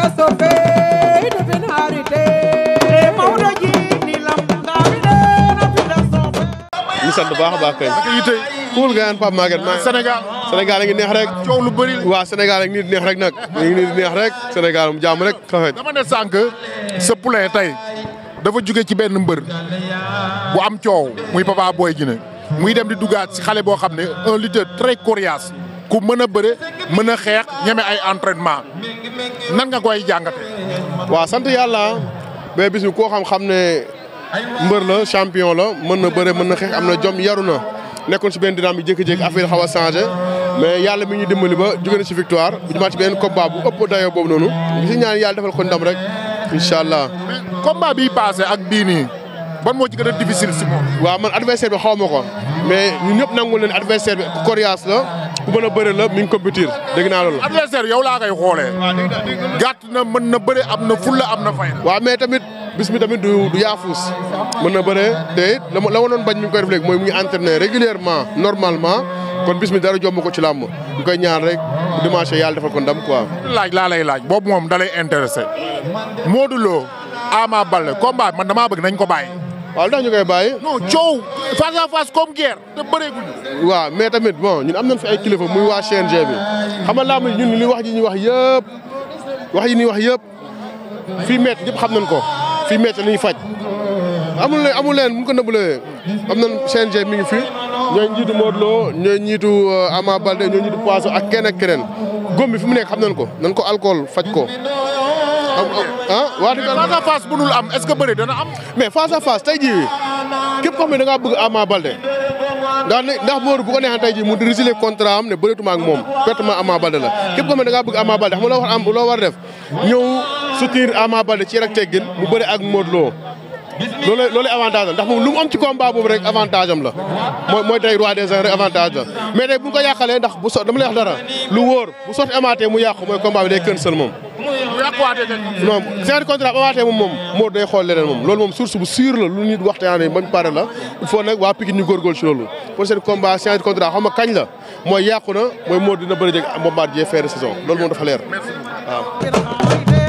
ñu sant baax a baax kay. kuul nga Sénégal Sénégal a ngi neex rek. coow lu bëri waaw Sénégal a ngi neex rek nag. a ngi neex rek Sénégal mu jàmm rek. dama ne sànq sa tey dafa jóge ci benn mbër bu am coow muy Papa Boy Djiné muy dem di dugaat si xale boo xam ne un lutteur très coriace. ku mën a bëre mën a xeex ñeme ay entraînement nan nga koy jàngate waa sant yàlla ba bis bi koo xam xam ne mbër la champion la mën na bëre mën na xeex am na jom yaru na nekkoon si benn dynamique bi jékki-jékki affaire xaw a changé mais yàlla mi ñu dimbali ba jóge na si victoire bu ñu ci benn combat bu ëpp dayoo boobu noonu gis ñaan yàlla defal ko ndam rek incha allah. combat bi passé ak bii nii ban moo ci gën a difficile si moom. waaw man adversaire bi xaw ma ko mais ñun la. ku mën na bëre la mi ngi compétir dégg naa loolu. adversaire yow laa kay xoole gàtt na mën na bëre am na fulla am na fay. waaw mais tamit bis tamit du du yaafuus mën na bëre te it la ma la ma doon bañ mi ngi koy def mooy mu ngi entraîner régulièrement normalement kon bis mi dara jomb ko ci làmb ñu koy ñaan rek dimanche yàlla defal ko ndam quoi. laaj laa laaj boobu moom da lay intéressé Modou Lo Ama Baldé combat man damaa bëgg nañ ko bàyyi. waaw ndax ñu koy bàyyi. non coow face à face comme guerre te bëreeguñu. waaw mais tamit bon ñun am nañ fi ay kilifa muy waa CNG bi xam nga làmb ñun li wax ji ñuy wax yëpp wax yi ñuy wax yëpp fii métti ñëpp xam nañ ko fii métti ni faj. amul leen amul leen mu ko nëbbalee am nañ CNG mi ngi fi ñooy njiitu Modou Lo ñooy njiitu euh, Ama Balde ñooy njiitu Poisson ak keneen keneen góom bi fi mu nekk xam nañ ko nañ ko alcool faj ko. ah waa di face à bu dul am est-ce que bëri dana am. mais face à face tey jii képp koo xam ne da ngaa bëgg Ama Baldé ndax ndax Modou bu ko neexee tey jii mu résilier contrat am ne bëreetuma ak moom pertement Ama Baldé la képp koo xam ne da ngaa bëgg Ama Baldé loo war am loo war def ñëw soutenir Ama Baldé ci rek teggin mu bëri ak Modou Lo loolu loolu avantage am ndax moom lu mu am ci combat boobu rek avantage am la mooy mooy tey rek avantage la mais tey bu ñu ndax bu so dama lay dara lu wóor bu sotti amaatee mu yàqu mooy combat bi moom non genre contrat moom moo day xool leneen moom loolu moom source bu sûr la lu nit waxtaanee bañ pare la il faut nag waa Pikine ñu góorgóorlu ci loolu pour seen combat contrat xam kañ la mooy yàqu na mooy moo dina bëri jeg Bombardier fin de saison loolu moom dafa leer waaw